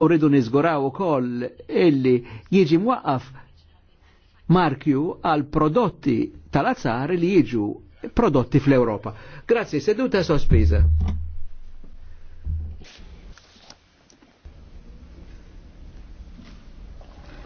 u rridu nizguraw koll illi jieġi mwaqqaf markju għal prodotti tal-azzar li jieġu prodotti fl-Europa. Grazie, seduta sospiża.